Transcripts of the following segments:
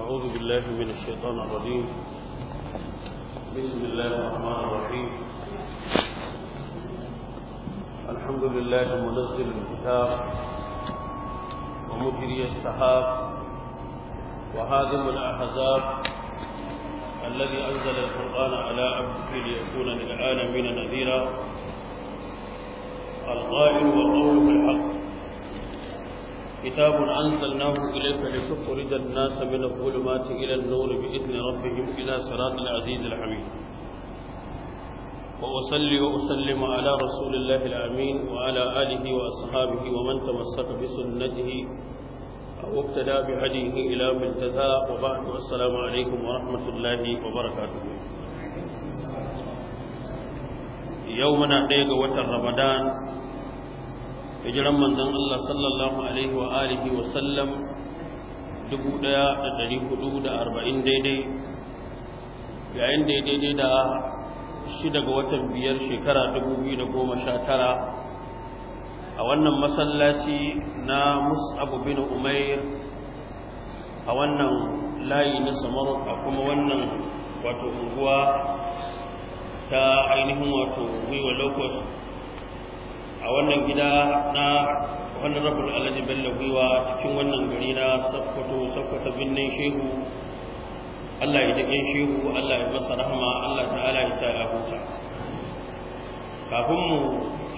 أعوذ بالله من الشيطان الرجيم بسم الله الرحمن الرحيم الحمد لله منزل الكتاب ومجري السحاب وهادم الأحزاب الذي أنزل القرآن على عبده ليكون للعالمين نذيرا القائل وقوله الحق كتاب أنزلناه إليك لتخرج الناس من الظلمات إلى النور بإذن ربهم إلى صراط العزيز الحميد وأصلي وأسلم على رسول الله الأمين وعلى آله وأصحابه ومن تمسك بسنته أو اقتدى بهديه إلى منتهى وبعد والسلام عليكم ورحمة الله وبركاته يومنا ديغ وتر رمضان hijiran manzon Allah sallallahu alaihi wa alihi wa sallam 1440 daidai yayin da daidai da shi daga watan biyar shekara 2019 a wannan masallaci na mus'abu bin umair a wannan layi na samar a kuma wannan wato unguwa ta ainihin wato wiwa locust a wannan gida na wannan rafin alhaji bello gwiwa cikin wannan gari na sakkwato sakkwata binnin shehu allah ya daƙin shehu allah ya masa rahama allah ta'ala ya sa ya huta kafin mu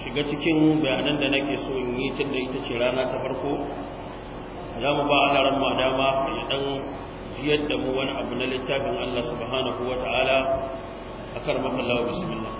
shiga cikin bayanan da nake so in yi tun da ita ce rana ta farko za mu ba alaran ma dama ya ɗan jiyar da mu wani abu na littafin allah subhanahu wa ta'ala a karmakan lawa bismillah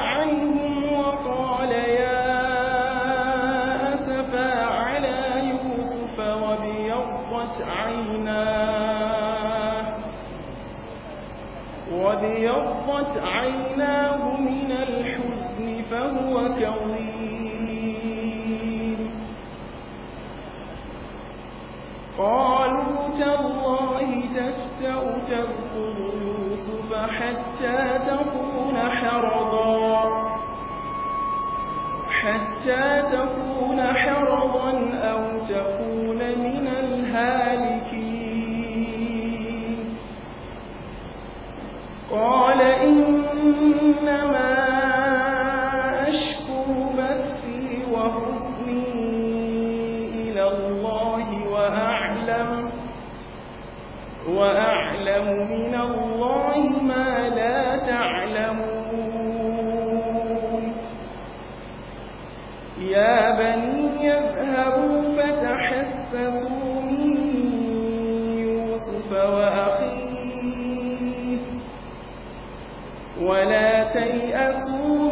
عَيْنَاهُ مِنَ الْحُزْنِ فَهُوَ كَظِيمٌ قَالُوا تَاللَّهِ تَفْتَأُ تَذْكُرُ يُوسُفَ حَتَّى تَكُونَ حَرَضًا حَتَّى تَكُونَ حَرَضًا إنما ولا تيأسوا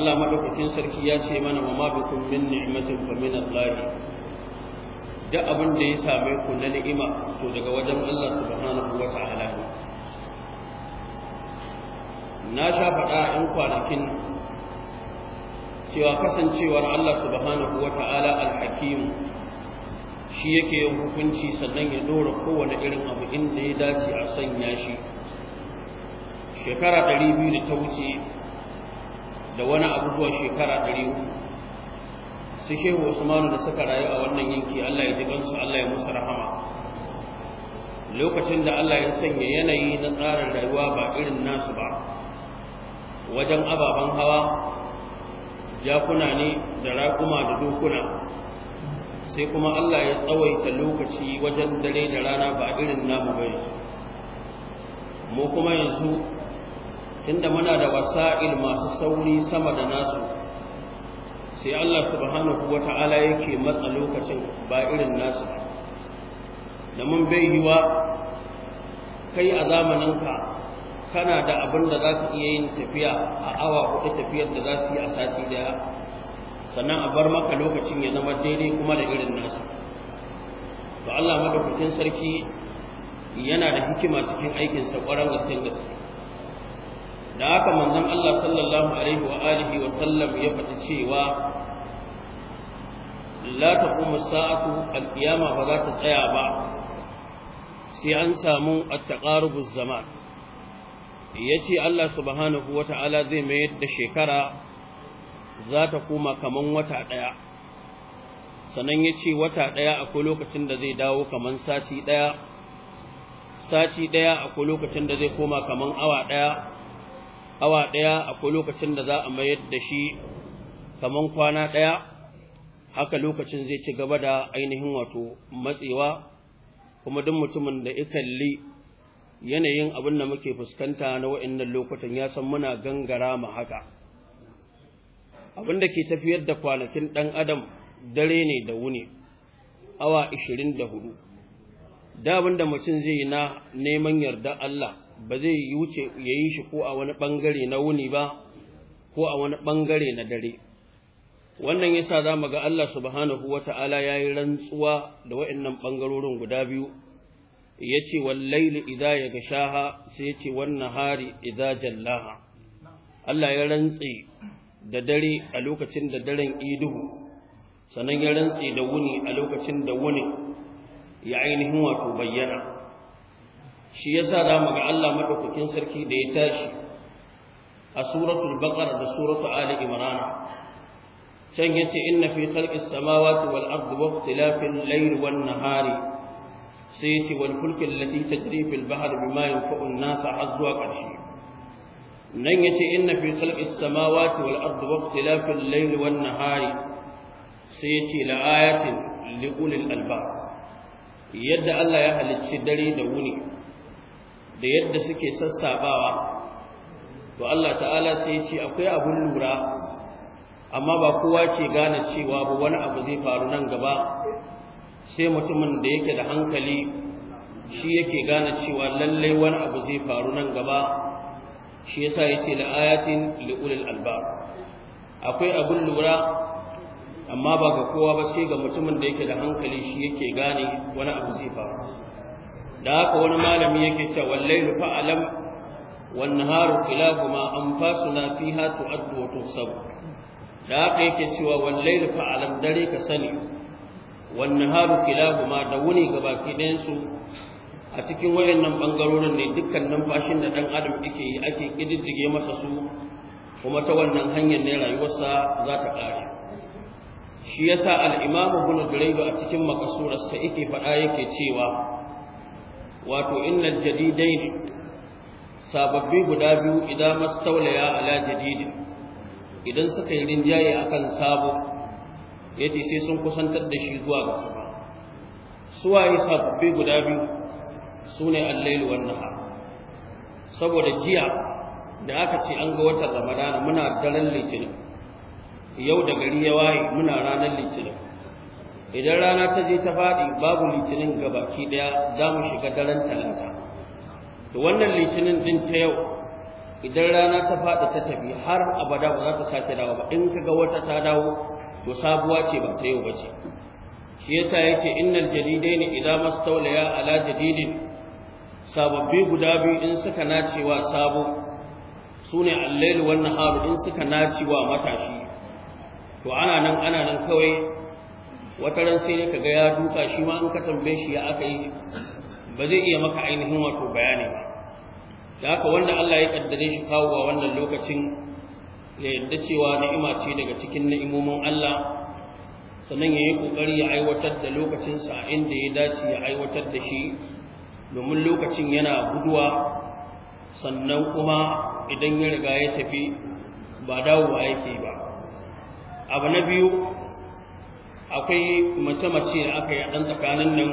Allah madaukakin sarki ya ce mana wa ma bikum min ni'matin fa min Allah duk abin da ya same ku na ni'ima to daga wajen Allah subhanahu wa ta'ala na sha faɗa in kwanakin cewa kasancewar Allah subhanahu wa ta'ala al-hakim shi yake yin hukunci sannan ya dora kowane irin abu inda ya dace a sanya shi shekara 200 da ta wuce da wani abubuwan shekara ɗari uku su shehu usmanu da suka rayu a wannan yanki allah ya jibansu allah ya musu rahama lokacin da allah ya sanya yanayi na tsarin rayuwa ba irin nasu ba wajen ababen hawa jakuna ne da raƙuma da dokuna sai kuma allah ya tsawaita lokaci wajen dare da rana ba irin namu bai mu kuma yanzu inda muna da wasa'il masu sauri sama da nasu sai Allah subhanahu wata'ala yake matsa lokacin ba irin nasu da mun bai yiwa kai a zamanin ka kana da abin da za ka iya yin tafiya a awa huɗu tafiyar da za su yi a sati daya sannan a bar maka lokacin ya zama daidai kuma da irin nasu to Allah madaukakin sarki yana da hikima cikin aikinsa ƙwarar gaske gaske da haka manzon Allah sallallahu alaihi wa alihi wa sallam ya faɗi cewa la taqumu sa'atu al-qiyama ba za ta tsaya ba sai an samu at-taqarubuz zaman yace Allah subhanahu wata'ala zai mai da shekara za ta koma kaman wata daya sannan yace wata daya akwai lokacin da zai dawo kaman sati daya sati daya akwai lokacin da zai koma kaman awa daya awa ɗaya akwai lokacin da za a mayar da shi kaman kwana ɗaya haka lokacin zai ci gaba da ainihin wato matsewa kuma duk mutumin da ya kalli yanayin abin da muke fuskanta na wa'annan lokutan ya san muna gangara ma haka abin da ke tafiyar da kwanakin ɗan adam dare ne da wuni awa 24 da abin da mutum zai yi na neman yarda Allah ba zai yi wuce ya yi shi ko a wani ɓangare na wuni ba ko a wani ɓangare na dare wannan ya sa za mu ga Allah subhanahu Ta'ala ya yi rantsuwa da wa'annan ɓangarorin guda biyu ya ce wallaili idza ya ga shaha? sai ya ce wannan hari idza jallaha Allah ya rantse da dare a lokacin da daren iduhu sannan ya rantse da wuni a lokacin da wuni ya ainihin wato bayyana shi ya sa mu ga Allah madaukakin sarki da ya tashi a suratul baqara da suratul ali imran can yace inna fi khalqis samawati wal ardi wa ikhtilafil layli wan nahari sai yace wal fulki allati tajri fil bahri bima yanfa'u an-nas azwa qarshi nan yace inna fi khalqis samawati wal ardi wa ikhtilafil layli wan nahari sai yace la ayatin liqulil albab yadda Allah ya halicci dare da wuni da yadda suke sassabawa to Allah ta'ala sai ya ce akwai abun lura amma ba kowa ke gane cewa ba wani abu zai faru nan gaba sai mutumin da yake da hankali shi yake gane cewa lallai wani abu zai faru nan gaba shi yasa yake da ayatin liulil albab akwai abun lura amma ba ga kowa ba sai ga mutumin da yake da hankali shi yake gane wani abu zai faru da haka wani malami yake cewa wallailu fa alam wan naharu kilahuma fi fiha tu'addu wa tuhsab da haka yake cewa wallailu fa alam dare ka sani wan naharu kilahuma da wuni gabaki ɗayan su a cikin wayannan bangarorin ne dukkan numfashin da dan adam yake yi ake kididdige masa su kuma ta wannan hanyar ne rayuwarsa za ta ƙare shi yasa al-imamu ibn a cikin makasurarsa yake faɗa yake cewa wato innal jadidaini sababbi guda biyu idan mastaulaya ala jadidi idan suka yi rinjaye akan sabo yace sai sun kusantar da shi zuwa ga kafa suwaye sababbi guda biyu sune al-lail an nahar saboda jiya da aka ce an ga watan ramadana muna daren litinin yau da gari ya waye muna ranar litinin idan rana ta je ta faɗi babu litinin gabaki ɗaya za mu shiga daren talata to wannan litinin din ta yau idan rana ta faɗi ta tafi har abada ba za ta sake dawo ba in ka ga wata ta dawo to sabuwa ce ba ta yau ba ce shi yasa yake innal ne idan mastaulaya ala jadidin sababbi guda biyu in suka nacewa sabo sune ne lail wannan haru in suka nacewa matashi to ana nan ana nan kawai wata ran sai ka ga ya duka shi ma in ka tambaye shi ya aka yi ba zai iya maka ainihin wato bayani ba da haka wanda Allah ya kaddare shi kawowa wannan lokacin ya yadda cewa ni'ima ce daga cikin ni'imomin Allah sannan ya yi kokari ya aiwatar da lokacin sa inda ya dace ya aiwatar da shi domin lokacin yana guduwa sannan kuma idan ya riga ya tafi ba dawowa yake ba abu na biyu akwai mace-mace da aka yi a tsakanin nan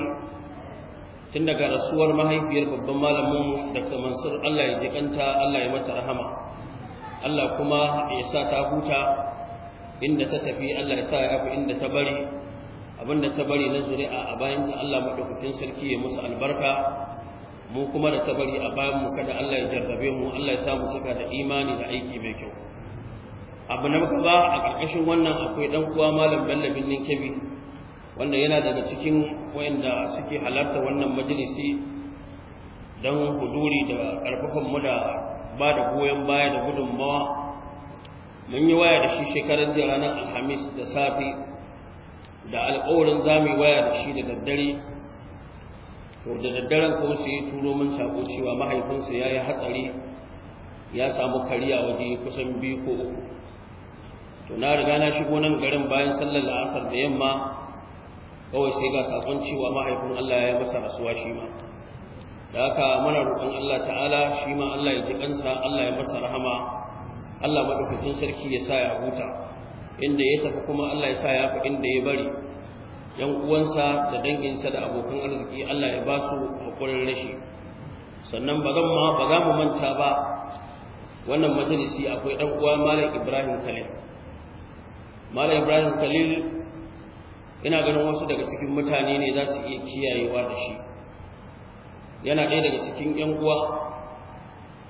tun daga rasuwar mahaifiyar babban malamin da mansur Allah ya jikanta Allah ya mata rahama Allah kuma ya sa ta huta inda ta tafi Allah ya sa ya fi inda ta bari abinda ta bari na zuri'a a bayan ta Allah madaukakin sarki ya musu albarka mu kuma da ta bari a bayan mu kada Allah ya jarrabe mu Allah ya sa mu cika da imani da aiki mai kyau abu na ba a ƙarƙashin wannan akwai ɗan uwa malam bello birnin kebbi wanda yana daga cikin wayanda suke halarta wannan majalisi don huduri da ƙarfafan mu da ba da goyon baya da gudunmawa mun yi waya da shi shekarar da ranar alhamis da safe da alƙawarin za mu yi waya da shi da daddare to da daddaren ko su yi turo min sako cewa mahaifinsa ya yi hatsari ya samu kariya waje kusan biyu ko uku to na riga na shigo nan garin bayan sallar la'asar da yamma kawai sai ga sakon cewa mahaifin Allah ya masa rasuwa shi ma da haka muna roƙon Allah ta'ala shi ma Allah ya ji kansa Allah ya masa rahama Allah madaukakin sarki ya sa ya huta inda ya tafi kuma Allah ya sa ya fi inda ya bari yan uwansa da danginsa da abokan arziki Allah ya basu su hakurin rashi sannan ba zan ma ba za mu manta ba wannan majalisi akwai dan uwa Malam Ibrahim Khalil malam ibrahim khalil ina ganin wasu daga cikin mutane ne za su iya kiyayewa da shi yana ɗaya daga cikin yan uwa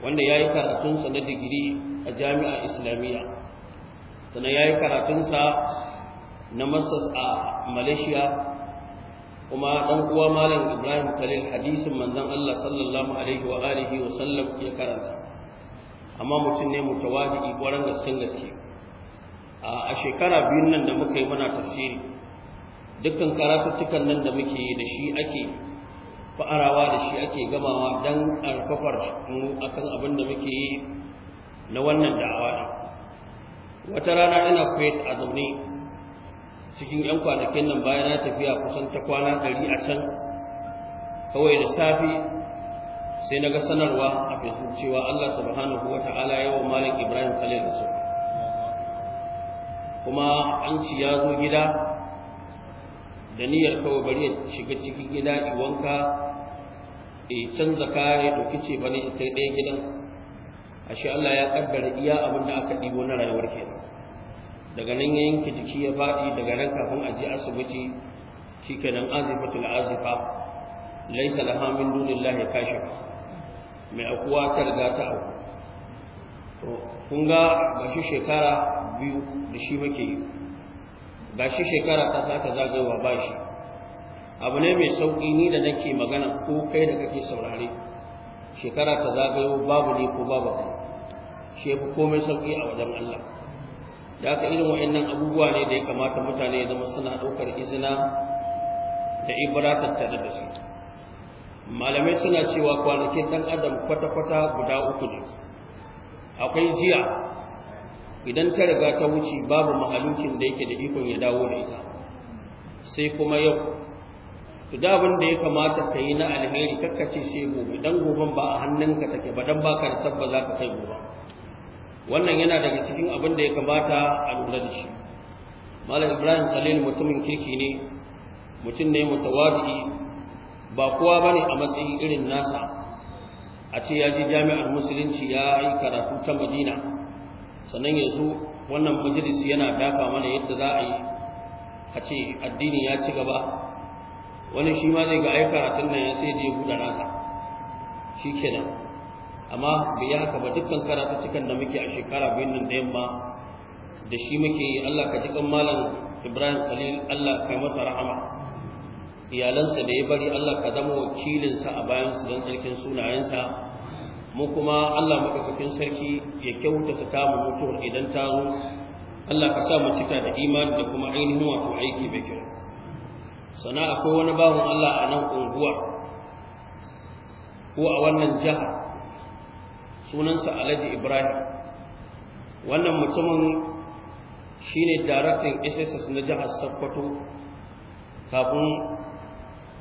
wanda ya yi karatunsa na digiri a jami'a islamiyya sannan ya yi karatunsa na masas a malaysia kuma ɗan uwa malam ibrahim khalil hadisin manzon allah sallallahu alaihi wa alihi wa sallam ya karanta amma mutum ne mutawadi ƙwarar gasken gaske a shekara biyun nan da muka yi muna tafsiri dukkan karatuttukan nan da muke da shi ake fa'arawa da shi ake gamawa don ƙarfafar mu akan abin da muke yi na wannan da'awa wata rana ina kuwait a zaune cikin 'yan kwanakin nan bayan na tafiya kusan ta kwana gari a can kawai da safe sai na ga sanarwa a facebook cewa allah subhanahu wa ta'ala yawan malam ibrahim khalil rasul kuma an ci ya zo gida da niyyar kawai bari ya shiga cikin gida i wanka i canza kaya ya ɗauki ce bane in kai ɗaya gidan ashe Allah ya kaddara iya abin da aka ɗibo na rayuwar ke daga nan ya yanke jiki ya faɗi daga nan kafin a je asibiti shikenan azifatul azifa laysa laha min dunillahi kashifa mai akuwa ta riga ta to kun ga shi shekara biyu da shi muke yi gashi shekara ta saka zagayowa ba shi abu ne mai sauƙi ni da nake magana ko kai da kake saurare shekara ta zagayo babu ne ko babu kai shi fi komai sauƙi a wajen Allah da aka irin wa'annan abubuwa ne da ya kamata mutane ya zama suna ɗaukar izina da ibra tattare da su malamai suna cewa kwanakin ɗan adam kwata-kwata guda uku ne akwai jiya idan ta riga ta wuce babu mahalukin da yake da ikon ya dawo da ita sai kuma yau to da abin da ya kamata ka yi na alheri kakkace sai gobe dan goben ba a hannunka take ba dan baka da tabba za ka kai gobe wannan yana daga cikin abin da ya kamata a lura da shi malam ibrahim khalil mutumin kirki ne mutum ne mutawadi ba kowa bane a matsayin irin nasa a ce ya je jami'ar musulunci ya yi karatu ta madina sannan yanzu wannan majalisi yana dafa mana yadda za a yi a ce addini ya ci gaba wani shi ma zai ga aika karatun tunan ya sai je buɗe nasa shi kenan amma bai yi haka ba dukkan cikin da muke a shekara biyun nan da yamma da shi muke yi Allah ka ji kan malam Ibrahim Khalil Allah ka masa rahama iyalansa da ya bari Allah ka zama wakilinsa a bayan su don tsarkin sunayensa mu kuma Allah madaukakin sarki ya kyautata ta mu mutuwar idan ta zo Allah ka sa mu cika da imani da kuma ainihin wato aiki mai kyau sana akwai wani bawan Allah a nan unguwa ko a wannan jiha sunansa Alhaji Ibrahim wannan mutumin shine daraktan SSS na jihar Sokoto kafin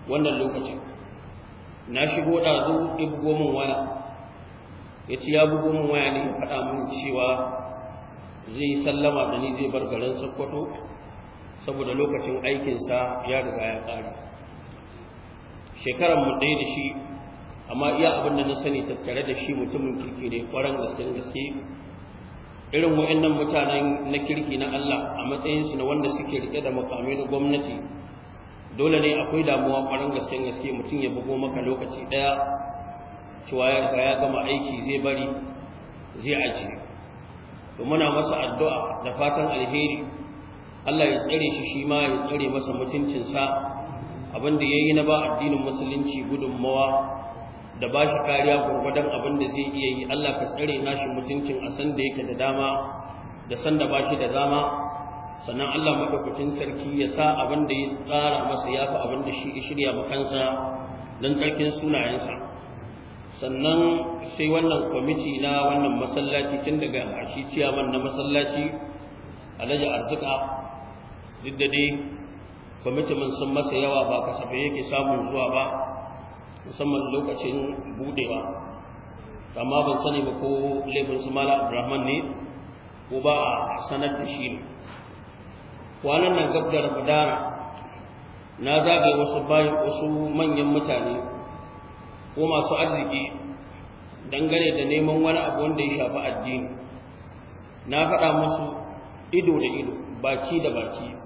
wannan lokacin na shigo ɗazu ɗibgo min wani. ya ci ya bugu min waya ne ya faɗa min cewa zai sallama da ni zai bar garin sokoto saboda lokacin aikinsa ya riga ya ƙare shekaran mu ɗaya da shi amma iya abin da na sani tattare da shi mutumin kirki ne ƙwarar gaske gaske irin wa'annan mutanen na kirki na Allah a matsayinsu na wanda suke rike da makamai na gwamnati dole ne akwai damuwa ƙwarar gaske gaske mutum ya bugo maka lokaci ɗaya cewa ya ya gama aiki zai bari zai ajiye. to muna masa addu'a da fatan alheri Allah ya tsare shi shi ma ya tsare masa mutuncinsa abinda ya yi na ba addinin musulunci gudunmawa da ba shi kariya gurgudan abin da zai iya yi Allah ka tsare nashi mutuncin a san da yake da dama da san da ba shi da dama sannan Allah madaukakin sarki ya sa abinda ya tsara masa ya fi abin da shi shirya kansa don tsarkin sunayensa sannan sai wannan kwamiti na wannan masallaci tun daga ashi ciyaman na masallaci alhaji arzika duk da dai mun sun masa yawa ba kasafai yake samun zuwa ba musamman lokacin budewa amma ban sani ba ko laifin su mala abdurrahman ne ko ba a sanar da shi ne kwanan nan gabdar budara na zagaye wasu bayan wasu manyan mutane ko masu arziki dangane da neman wani abu wanda ya shafi addini na faɗa musu ido da ido baki da baki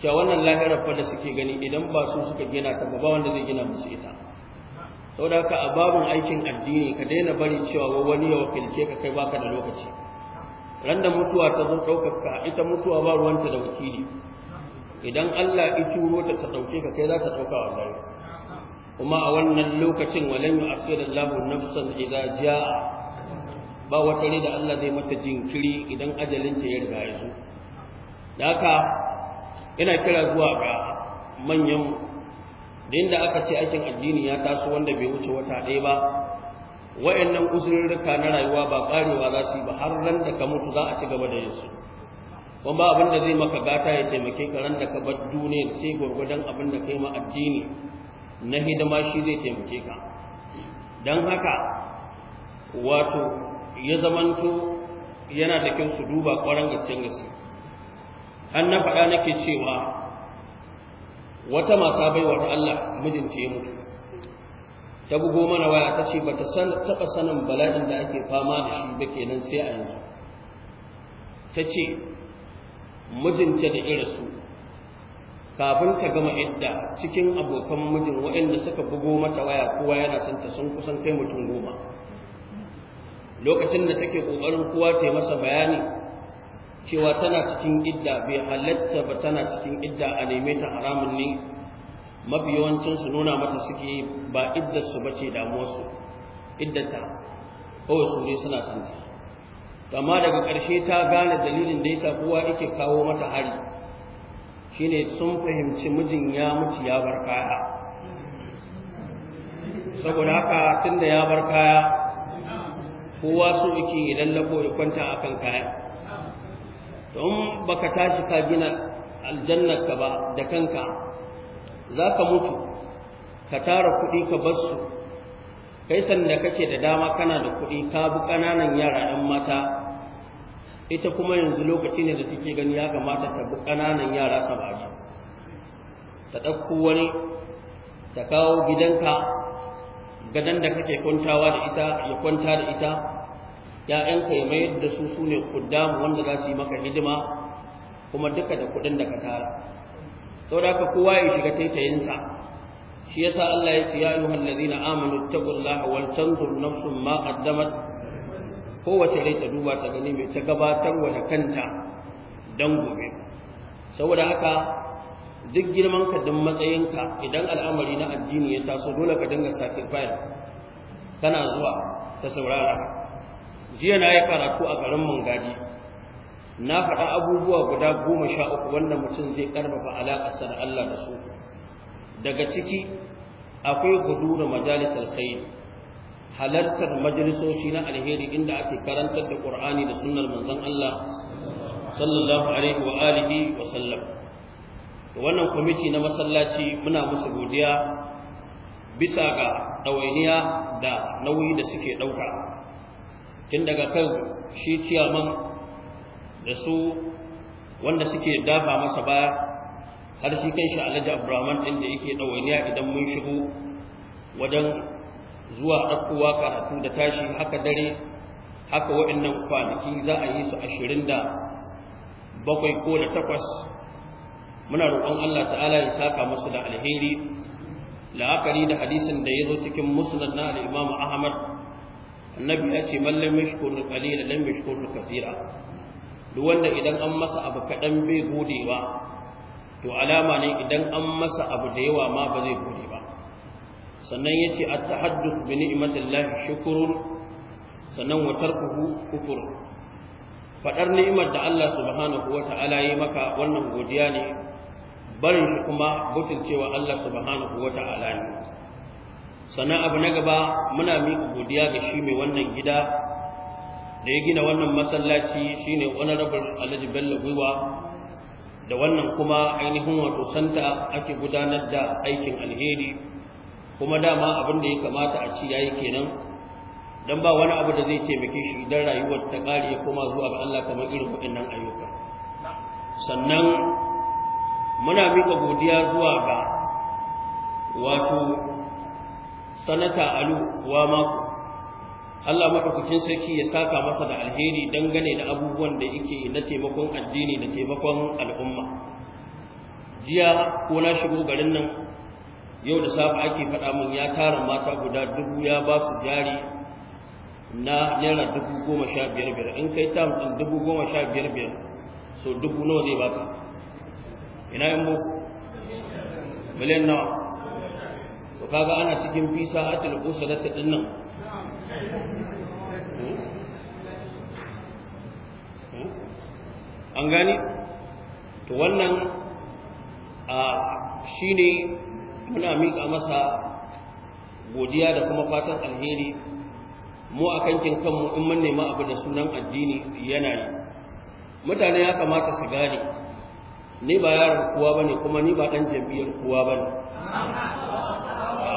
cewa wannan lahirar fa da suke gani idan ba su suka gina ta ba wanda zai gina musu ita saboda haka a babun aikin addini ka daina bari cewa wani ya wakilce ka kai baka da lokaci randa mutuwa ta zo ɗaukar ka ita mutuwa ba ruwanta da wakili idan Allah ya ciro ta ta ɗauke ka kai za ta ɗauka wa kuma a wannan lokacin walan yu'akhirallahu nafsan idza jaa ba wata da Allah zai mata jinkiri idan ajalinta ya riga ya zo da haka ina kira zuwa ga manyan da inda aka ce aikin addini ya taso wanda bai wuce wata ɗaya ba wa'annan usulurruka na rayuwa ba karewa za su yi ba har ran da ka mutu za a ci gaba da yinsu su kuma abin da zai maka gata ya taimake ka ran da ka bar duniyar sai gwargwadon abin da kai ma addini na hidima shi zai taimake ka don haka wato ya zamanto yana da kyau su duba ƙwarar gaskiyar gaske an na faɗa nake cewa wata mata bai wata Allah mijinta ya mutu ta bugo mana waya ta ce bata taɓa sanin bala'in da ake fama da shi ba kenan sai a yanzu ta ce mijinta da irinsu kafin ka gama idda cikin abokan mijin waɗanda suka bugo mata waya kowa yana son ta sun kusan kai mutum goma lokacin da take kokarin kowa ta masa bayani cewa tana cikin idda bai halatta ba tana cikin idda a neme ta haramun ne mafi yawancin su nuna mata suke ba iddar su bace damuwarsu iddata kawai su ne suna son ta amma daga ƙarshe ta gane dalilin da yasa kowa yake kawo mata hari shine sun fahimci mijin ya mutu ya bar kaya saboda haka tun da ya bar kaya kowa so yake idan lako ya kwanta kan kaya don baka tashi ka gina aljannar ka ba da kanka za ka mutu ka tara kuɗi ka bar su kai sanda kake da dama kana da kuɗi ka bi ƙananan yara ɗan mata ita kuma yanzu lokaci ne da take gani ya kamata ta bi ƙananan yara samari ta ɗauko wani ta kawo gidanka gadon da kake kwantawa da ita ya kwanta da ita ‘ya'yanka ya mayar da su su ne kuddamu wanda za su yi maka hidima kuma duka da kuɗin da ka tara sau da ka kowa ya shiga taitayinsa shi yasa Allah ya ce ya ayyuhal ladina amanu taqullaha wal tanzur nafsun ma qaddamat kowace rai ta duba ta gani mai ta gabatar wa da kanta don gobe saboda haka duk girman ka duk matsayinka idan al'amari na addini ya taso dole ka dinga sacrifice kana zuwa ta saurara jiya na yi karatu a garin mangadi na faɗa abubuwa guda goma sha uku wanda mutum zai ƙarfafa alaƙarsa da Allah da su daga ciki akwai hudu da majalisar sayi halartar majalisoshi na alheri inda ake karantar da ƙur'ani da sunnar manzon Allah sallallahu alaihi wa alihi wa sallam wannan kwamiti na masallaci muna musu godiya bisa ga ɗawainiya da nauyi da suke ɗauka tun daga kan shi ciyaman da su wanda suke dafa masa baya har shi kan shi alhaji abraman ɗin da yake ɗawainiya idan mun shigo wajen zuwa ɗaukowa karatu da tashi haka dare haka waɗannan kwanaki za a yi su ashirin da bakwai ko da takwas muna roƙon Allah ta'ala ya saka musu da alheri la'akari da hadisin da ya zo cikin musnad na al-Imam Ahmad annabi ya ce man lam yashkur qalila lam yashkur kaseera duk wanda idan an masa abu kaɗan bai gode ba, to alama ne idan an masa abu da yawa ma ba zai gode ba sannan ya yace a tahadduth bi ni'matillahi shukurun sannan wa tarkuhu kufur Faɗar ni'imar da Allah subhanahu ta'ala yi maka wannan godiya ne barin shi kuma cewa Allah subhanahu ta'ala ne sannan abu na gaba muna miƙa godiya ga shi mai wannan gida da ya gina wannan masallaci shine honorable Alhaji Bello Gwiwa da wannan kuma ainihin wato santa ake gudanar da aikin alheri kuma dama abin da ya kamata a ci yayi kenan dan ba wani abu da zai taimake shi idan rayuwar ta kare ya koma zuwa ga Allah kamar irin waɗannan ayyuka sannan muna mika godiya zuwa ga wato sanata alu wa mako Allah madaukakin sarki ya saka masa da alheri dangane da abubuwan da yake na taimakon addini da taimakon al'umma jiya ko na shigo garin nan yau da safa ake faɗa min ya tara mata guda dubu ya ba su jari na naira dubu goma sha biyar biyar in kai tam ɗin dubu goma sha biyar biyar so dubu nawa zai baka ina yin boko miliyan nawa to kaga ana cikin fisa atil usulata ɗin nan hmm? Hmm? an gani to wannan a ah, ne. muna miƙa masa godiya da kuma fatan alheri mu a kankin kanmu in mun nema abu da sunan addini yana yi mutane ya kamata su gane ni ba yaron kowa bane kuma ni ba dan jam'iyyar kowa bane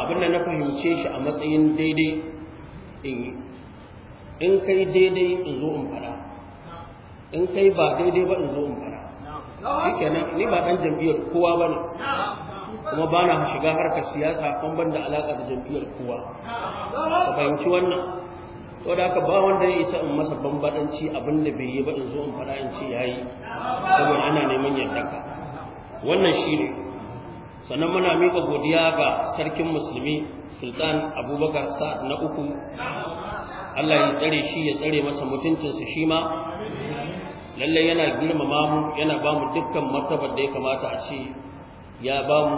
abin da na fahimce shi a matsayin daidai in yi in kai daidai in zo in fara in kai ba daidai ba in zo in fara shikenan ni ba dan jam'iyyar kowa bane kuma ba na shiga harkar siyasa kan ban da alaƙa da jam'iyyar kowa ka fahimci wannan to da haka ba wanda ya isa in masa bambadanci abin da bai yi ba in zo in faɗa in ce yayi saboda ana neman yadda ka wannan shine sannan muna miƙa godiya ga sarkin musulmi sultan abubakar sa na uku Allah ya tsare shi ya tsare masa mutuncinsa shi ma lallai yana girmama mu yana ba mu dukkan martabar da ya kamata a ce ya ba mu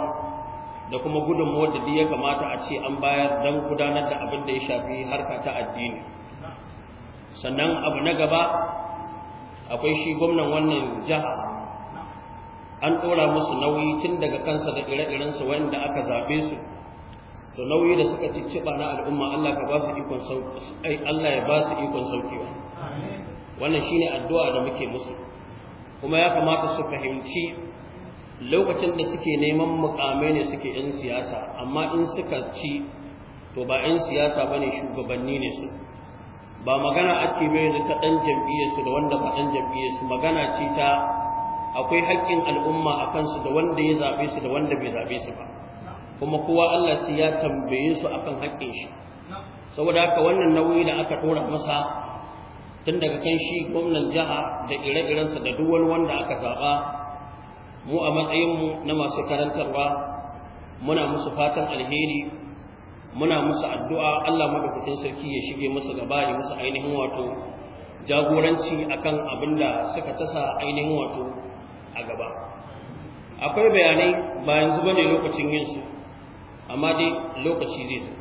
da kuma gudun da duk ya kamata a ce an bayar don gudanar da abin da ya shafi harka ta addini sannan abu na gaba akwai shi gwamnan wannan jiha an ɗora musu nauyi tun daga kansa da ire irensa wanda aka zaɓe su to nauyi da suka cicciɓa na al'umma Allah ka ba su ikon sauki ai Allah ya ba su ikon saukewa wannan shine addu'a da muke musu kuma ya kamata su fahimci lokacin da suke neman mukamai ne suke 'yan siyasa amma in suka ci to ba 'yan siyasa ba ne shugabanni ne su ba magana ake mai da ta ɗan jam'iyyarsu da wanda ba ɗan jam'iyyarsu magana ce ta akwai haƙƙin al'umma a kansu da wanda ya zaɓe su da wanda bai zaɓe su ba kuma kowa Allah sai ya tambaye su akan haƙƙin shi saboda haka wannan nauyi da aka tura masa tun daga kan shi gwamnan jiha da ire-irensa da duk wani wanda aka zaɓa mu a matsayinmu na masu karantarwa muna musu fatan alheri muna musu addu'a Allah madaukakin sarki ya shige musu gaba ya musu ainihin wato jagoranci akan abin da suka tasa ainihin wato a gaba akwai bayanai ba zuba ne lokacin yin su amma dai lokaci zai zo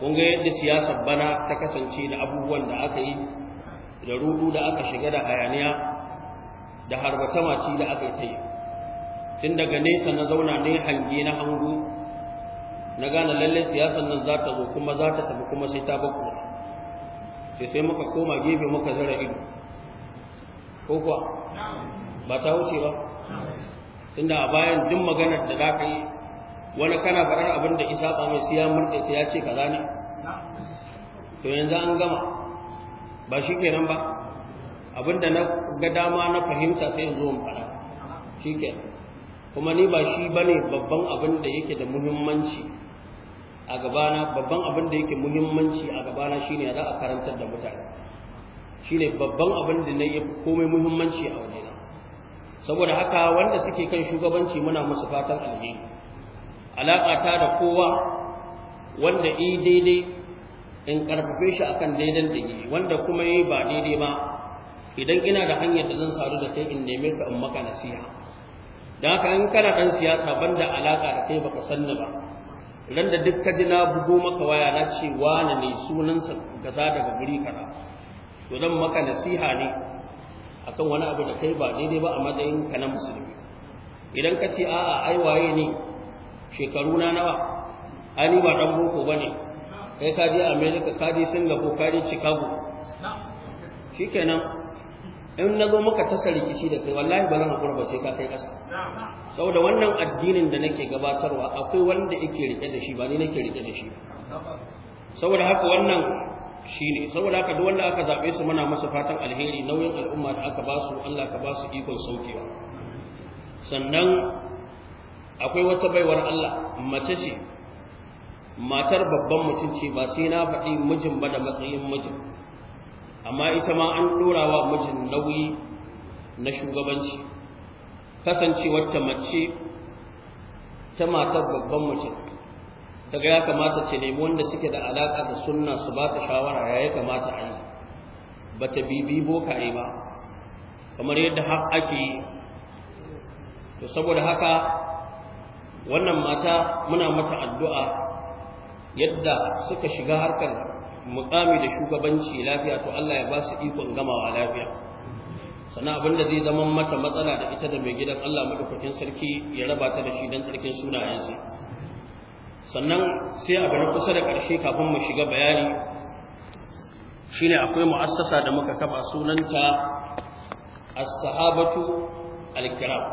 kun ga yadda siyasar bana ta kasance da abubuwan da aka yi da rudu da aka shiga da hayaniya da harbata maci da aka yi ta yi tun daga nesa na zauna ne hangi na hangu na gane lalle siyasar nan za ta zo kuma za ta tafi kuma sai ta bakwa sai sai muka koma gefe muka zara ido ko kuwa ba ta wuce ba tunda a bayan duk maganar da za ka yi wani kana faɗar abin da isa ba mai siya murɗe ta ya ce ka zane to yanzu an gama ba shi kenan ba abin da na ga dama na fahimta sai zo mu faɗa shi kenan kuma ni ba shi ba ne babban abin da yake da muhimmanci a gabana babban abin da yake muhimmanci a gabana shi za a karantar da mutane Shi ne babban abin da na yi komai muhimmanci a wajena saboda haka wanda suke kan shugabanci muna musu fatan alheri alaƙa ta da kowa wanda yi daidai in ƙarfafe shi akan daidan da yi wanda kuma yi ba daidai ba idan ina da hanyar da zan sadu da kai in neme ka in maka nasiha da haka in kana dan siyasa banda alaka da kai baka sanna ba idan da duk kaji na bugo maka waya na ce wani ne sunansa kaza daga guri kaza to dan maka nasiha ne akan wani abu da kai ba daidai ba a matsayin ka na musulmi idan ka ce a'a ai waye ne shekaru na nawa ani ba dan boko bane kai ka je America ka je Singapore ka je Chicago shikenan in na zo muka tasa rikici da kai wallahi ba zan hakura ba sai ka kai ƙasa saboda wannan addinin da nake gabatarwa akwai wanda yake rike da shi ba ni nake rike da shi saboda haka wannan shine saboda haka duk wanda aka zabe su muna masa fatan alheri nauyin al'umma da aka ba su Allah ka ba su ikon saukewa sannan akwai wata baiwar Allah mace ce matar babban mutum ce ba sai na faɗi mijin ba da matsayin mijin amma ita ma an ɗora wa mijin nauyi na shugabanci kasancewar ta mace ta matar babban mutum daga ya kamata ce nemi wanda suke da alaƙa da sunna su ba ta shawara ya ya kamata a yi ba ta bibi bokaye ba kamar yadda har ake yi to saboda haka wannan mata muna mata addu'a yadda suka shiga harkar Muƙami da shugabanci lafiya to Allah ya ba su ikon gamawa lafiya sannan abin da zai zama mata matsala da ita da mai gidan Allah madaukakin sarki ya raba ta da shi don tsarkin sunayensa sannan sai a bari kusa da ƙarshe kafin mu shiga bayani shine akwai mu'assasa da muka kafa sunanta as-sahabatu al-kiram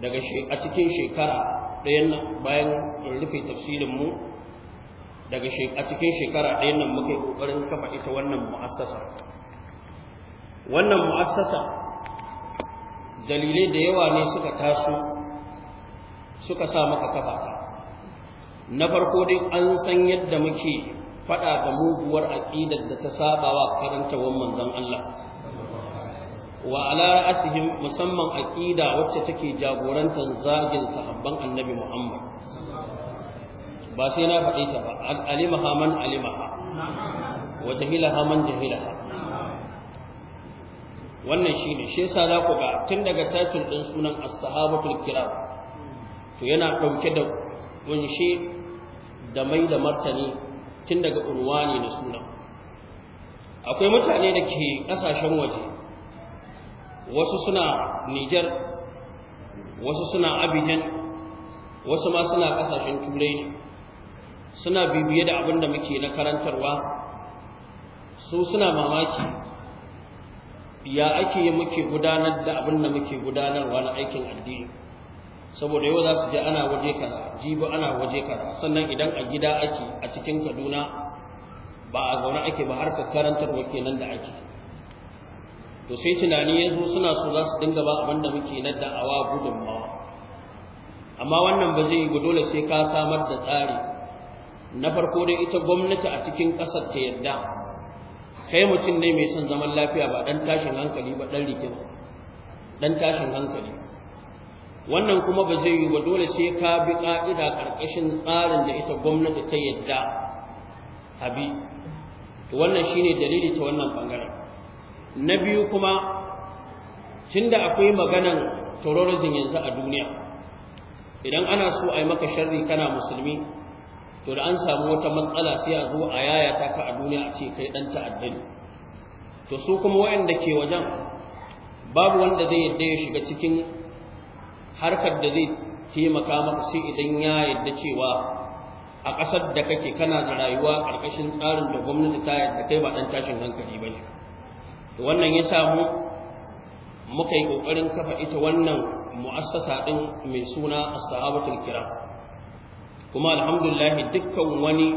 daga a cikin shekara ɗayan bayan rufe tafsirin mu daga a cikin shekara ɗayan nan muka yi ƙoƙarin kafa ita wannan mu'assasa wannan mu'assasa dalilai da yawa ne suka taso suka sa maka kafa ta na farko dai an san yadda muke faɗa ga muguwar aƙidar da ta saba wa karanta wannan, manzon Allah wa ala ra'asihim musamman aqida wacce take jagorantar zagin sahabban annabi Muhammad ba sai na faɗe ta ba alimaha man alimaha wa jahilaha man jahilaha wannan shine shi yasa za ku ga tun daga tatul din sunan as-sahabatul kiram to yana dauke da kunshi da mai da martani tun daga urwani na sunan akwai mutane da ke kasashen waje wasu suna Niger wasu suna Abidjan wasu ma suna kasashen Turai ne suna bibiye da abin da muke na karantarwa su suna mamaki ya ake yi muke gudanar da abin da muke gudanarwa na aikin addini saboda yau za su je ana waje kaza jibi ana waje kaza sannan idan a gida ake a cikin kaduna ba a zaune ake ba harkar karantarwa kenan da ake to sai tunani ya zo suna so za su dinga ba abin da muke na da'awa gudunmawa amma wannan ba zai yi ba dole sai ka samar da tsari na farko dai ita gwamnati a cikin ƙasar ta yadda kai mutum ne mai son zaman lafiya ba ɗan tashin hankali ba ɗan rikin ɗan tashin hankali wannan kuma ba zai yi ba dole sai ka bi ƙa'ida ƙarƙashin tsarin da ita gwamnati ta yadda abi to wannan shine dalili ta wannan bangaren na biyu kuma tunda akwai maganan terrorism yanzu a duniya idan ana so a yi maka sharri kana musulmi to da an samu wata matsala sai a zo a ta ka a duniya a ce kai dan ta'addan, to su kuma waɗanda ke wajen babu wanda zai yadda ya shiga cikin harkar da zai taimaka maka sai idan ya yadda cewa a ƙasar da kake kana da rayuwa ƙarƙashin tsarin da gwamnati ta yadda kai ba dan tashin hankali ba ne wannan ya samu muka yi ƙoƙarin kafa ita wannan mu'assasa ɗin mai suna as-sahabatul kiram kuma alhamdulillah dukkan wani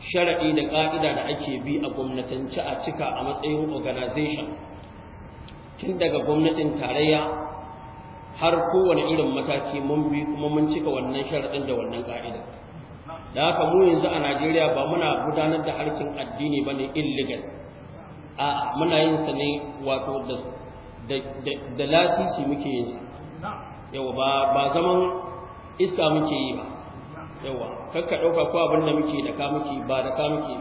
sharaɗi da ƙa'ida da ake bi a gwamnatance a cika a matsayin organization tun daga gwamnatin tarayya har kowane irin mataki mun bi kuma mun cika wannan sharaɗin da wannan ƙa'ida da haka mu yanzu a najeriya ba muna gudanar da harkin addini ba ne illegal a muna yin sa ne wato da lasisi muke yin sa yawa ba zaman iska muke yi ba yawa kakka ɗauka ko abin da muke da ka muke ba da ka muke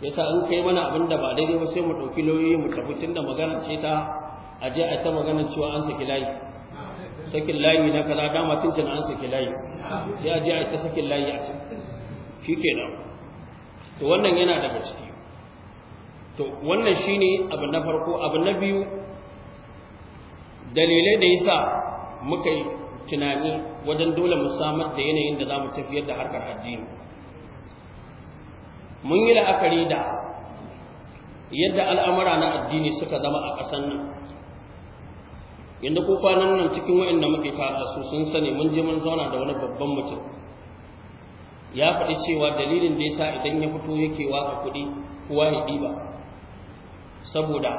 yasa an kai mana abin da ba daidai ba sai mu ɗauki lauyoyi mu tafi tun da magana ce ta a je a ta magana cewa an saki layi sakin layi na kaza dama tun tana an saki layi sai a je a ta sakin layi a can shi ke nan to wannan yana daga ciki to wannan shine abu na farko abu na biyu dalilai da yasa muka yi tunani wajen dole mu samar da yanayin da za mu tafiyar da harkar addini mun yi la'akari da yadda al'amura na addini suka zama a ƙasan nan yadda ko kwanan nan cikin waɗanda muke tare su sun sani mun je mun zauna da wani babban mutum ya faɗi cewa dalilin da ya sa idan ya fito yake waka kuɗi kowa ya ɗiba saboda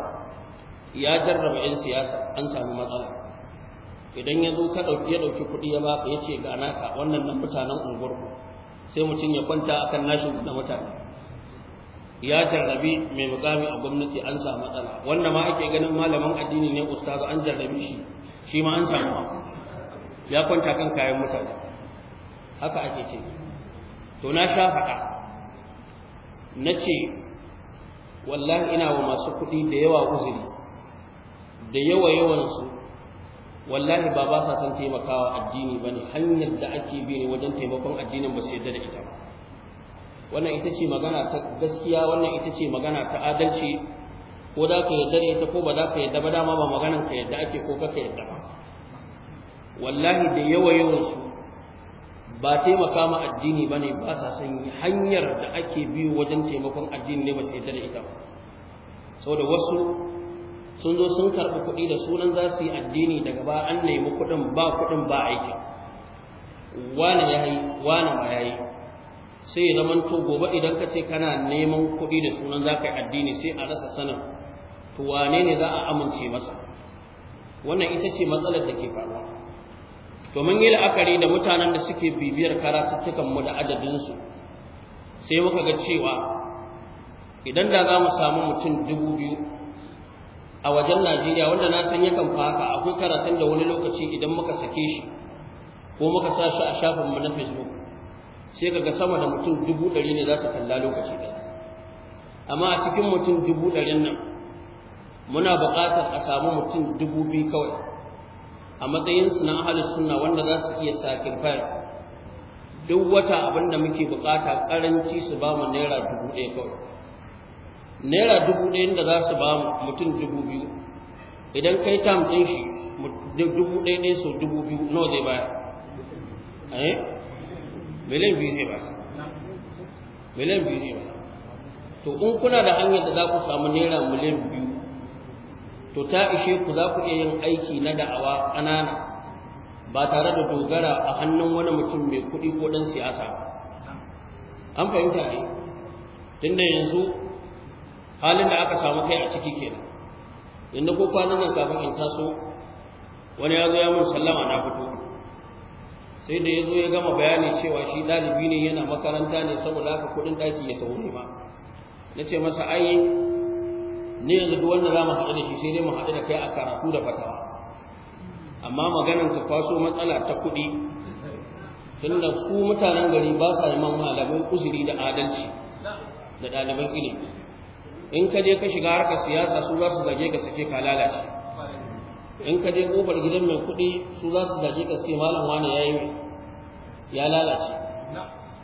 ya jarraba 'yan siyasa an sami matsala idan ya zo ka ɗauki ya ɗauki kuɗi ya baka ya ce ga naka wannan na mutanen unguwarku sai mutum ya kwanta akan nashin na mutane ya jarrabi mai mukami a gwamnati an samu matsala wanda ma ake ganin malaman addini ne ustazu an jarrabi shi shi ma an samu ya kwanta kan kayan mutane haka ake ce to na sha faɗa na ce wallahi ina wa masu kuɗi da yawa uzuri da yawa yawansu wallahi ba ba sa son taimakawa addini ba ne hanyar da ake bi ne wajen taimakon addinin ba su yadda da ita wannan ita ce magana ta gaskiya wannan ita ce magana ta adalci ko za ka yarda da ita ko ba za ka yarda ba dama ba maganan ka yarda ake ko ka yarda ba wallahi da yawa yawan su ba taimaka ma addini ba ne ba sa son hanyar da ake bi wajen taimakon addini ne ba su yadda da ita ba saboda wasu sun zo sun karɓi kuɗi da sunan za su yi addini daga ba an nemi kuɗin ba kuɗin ba aiki wane ya yi wane ba ya yi sai ya zama to gobe idan ka ce kana neman kuɗi da sunan za ka yi addini sai a rasa sanin to wane ne za a amince masa wannan ita ce matsalar da ke faruwa to mun yi la'akari da mutanen da suke bibiyar karatuttukan mu da adadinsu sai muka ga cewa idan da za mu samu mutum dubu biyu a wajen Najeriya wanda na san yakan faka akwai karatun da wani lokaci idan muka sake shi ko muka sa shi a shafin mu na Facebook sai kaga sama da mutum dubu ɗari ne za su kalla lokaci ɗaya amma a cikin mutum dubu ɗarin nan muna buƙatar a samu mutum dubu biyu kawai a matsayinsu na ahli sunna wanda za su iya sacrifice duk wata abinda da muke buƙata ƙaranci su ba mu naira dubu ɗaya kawai naira dubu ɗayan da za su ba mutum dubu biyu idan kai tam ɗin shi dubu ɗaya ɗaya sau dubu biyu nawa zai baya eh miliyan biyu zai baya miliyan biyu zai baya to in kuna da hanyar da za ku samu naira miliyan biyu to ta ishe ku za ku iya yin aiki na da'awa ƙanana ba tare da dogara a hannun wani mutum mai kuɗi ko ɗan siyasa an fahimta ne tunda yanzu halin da aka samu kai a ciki kenan inda ko kwanan nan kafin in taso wani ya zo ya mun sallama na fito sai da ya zo ya gama bayani cewa shi ɗalibi ne yana makaranta ne saboda haka kuɗin ɗaki ya taho ma na ce masa ai ne yanzu duk wanda za mu haɗu da shi sai dai mu haɗu da kai a karatu da fatawa amma maganar ka kwaso matsala ta kuɗi tunda ku mutanen gari ba sa neman malamai uzuri da adalci da ɗaliban ilimi in ka je ka shiga harkar siyasa su za su zage ka suke ka lalace in ka je kofar gidan mai kuɗi su za su zage ka suke malam wani ya yi ya lalace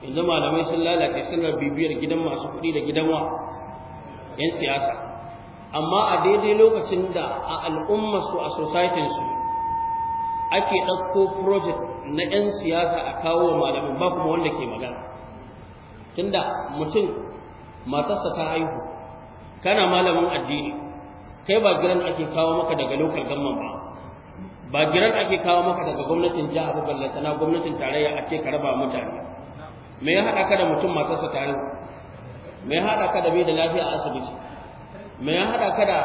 inda malamai sun lalace suna bibiyar gidan masu kuɗi da gidan wa 'yan siyasa amma a daidai lokacin da a al'ummarsu a societinsu ake ɗauko project na 'yan siyasa a kawo wa malamin ba kuma wanda ke magana tunda mutum matarsa ta haihu kana malamin addini kai ba giran ake kawo maka daga lokal gamman ba ba giran ake kawo maka daga gwamnatin jiha ba tana gwamnatin tarayya a ce ka raba mutane me ya haɗa ka da mutum matarsa tare me ya haɗa ka da bai da lafiya a asibiti me ya haɗa ka da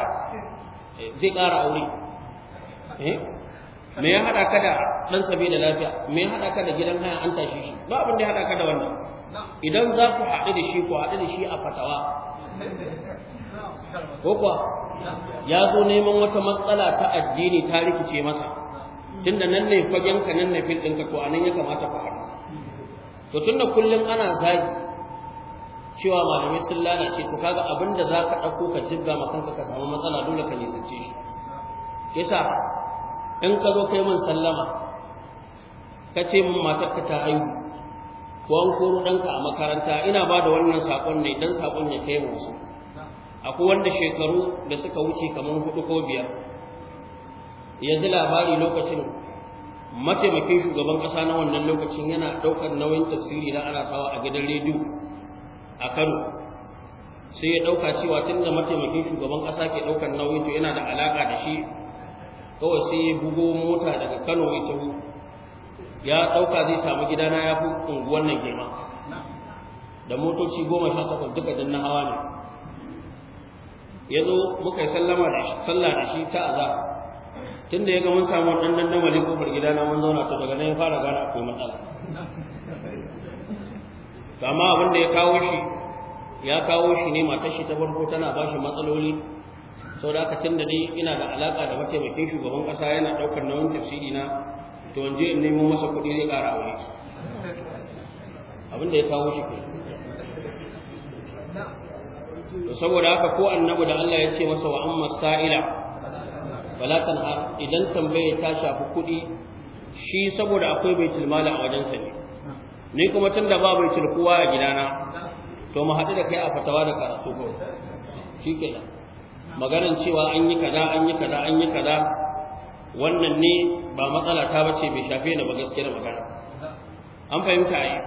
eh, zai ƙara aure eh? me ya haɗa ka da ɗan sabi da lafiya me ya haɗa ka da gidan haya an tashi shi ba abin da ya haɗa ka da wannan idan za ku haɗu da shi ku haɗu da shi a fatawa ko ya zo neman wata matsala ta addini ta rikice masa tunda nan ne fagenka nan ne fil ɗinka to a nan ya kamata ka haɗu to tunda kullum ana zagi cewa malamai sun lalace to kaga abin da za ka ɗauko ka jibga ma kanka ka samu matsala dole ka nisance shi yasa in ka zo kai min sallama ka ce min matarka ta haihu ko an koro ɗanka a makaranta ina ba da wannan saƙon ne dan saƙon ya kai wasu akwai wanda shekaru da suka wuce kamar hudu ko biyar yanzu labari lokacin mataimakin shugaban kasa na wannan lokacin yana ɗaukar nauyin tafsiri na ana sawa a gidan rediyo a kano sai ya ɗauka cewa tunda mataimakin shugaban ƙasa ke ɗaukar nauyin to yana da alaka da shi kawai sai ya bugo mota daga kano ya taho ya ɗauka zai samu gidana ya fi unguwan nan girma da motoci goma sha takwas duka don na hawa ne ya zo muka yi sallama da shi sallah da shi ta aza. tunda ya ga mun samu dan dan mali kofar gida na mun zauna to daga nan ya fara gana akwai matsala to amma abin da ya kawo shi ya kawo shi ne matar shi ta farko tana ba shi matsaloli sau da aka da ni ina da alaƙa da mataimakin shugaban ƙasa yana ɗaukar nauyin tafsiri na to in je in nemo masa kuɗi zai ƙara aure abin da ya kawo shi kai to saboda haka ko annabi da Allah ya ce masa wa amma sa'ila wala idan tambaye ta shafi kuɗi shi saboda akwai baitul mali a wajensa ne ni kuma tunda ba baitul kuwa a gidana to mu haɗu da kai a fatawa da karatu ko shikenan maganar cewa an yi kaza an yi kaza an yi kaza wannan ne ba matsala ta bace bai shafe ni ba gaskiyar magana an fahimta ai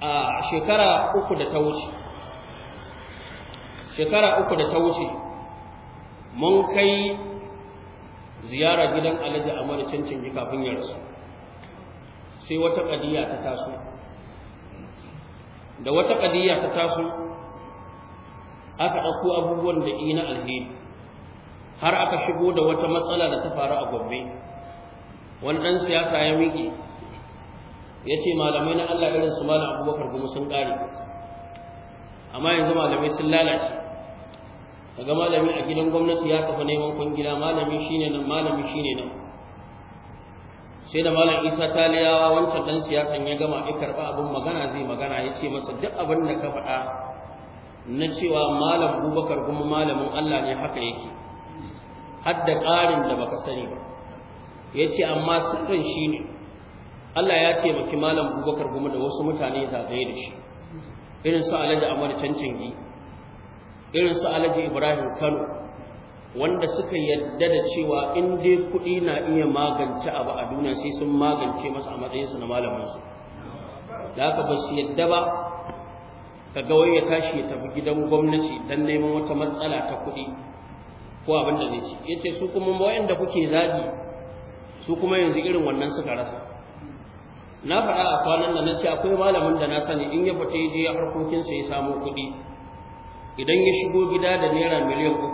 a shekara uku da ta wuce shekara uku da ta wuce mun kai ziyara gidan alhaji amara cancanci kafin ya sai wata ƙadiyya ta taso da wata ƙadiyya ta taso aka ɗauko abubuwan da ina alheri har aka shigo da wata matsala da ta faru a gombe wani ɗan siyasa ya miƙe ya ce malamai na allah irin su malam abubakar kuma sun ƙare amma yanzu malamai sun lalace kaga malami a gidan gwamnati ya kafa neman kwangila malami shine nan malami shine nan sai da malam isa taliyawa wancan dan siyasan ya gama ya karba abin magana zai magana ya ce masa duk abin da ka faɗa na cewa malam bubakar kuma malamin allah ne haka yake har da ƙarin da baka sani ba ya ce amma sirrin shi allah ya taimaki malam bubakar kuma da wasu mutane zagaye da shi irin su alhaji amar cancangi irin su alhaji ibrahim kano wanda suka yadda da cewa in dai kuɗi na iya magance abu a duniya sai sun magance masu a matsayinsu na malamansu da haka ba su yadda ba ka ga ya tashi ya tafi gidan gwamnati don neman wata matsala ta kuɗi ko abin da zai ci ya ce su kuma da kuke zaɓi su kuma yanzu irin wannan suka rasa na faɗa a kwanan da na ce akwai malamin da na sani in ya fita ya je harkokinsa ya samo kuɗi idan ya shigo gida da naira miliyan uku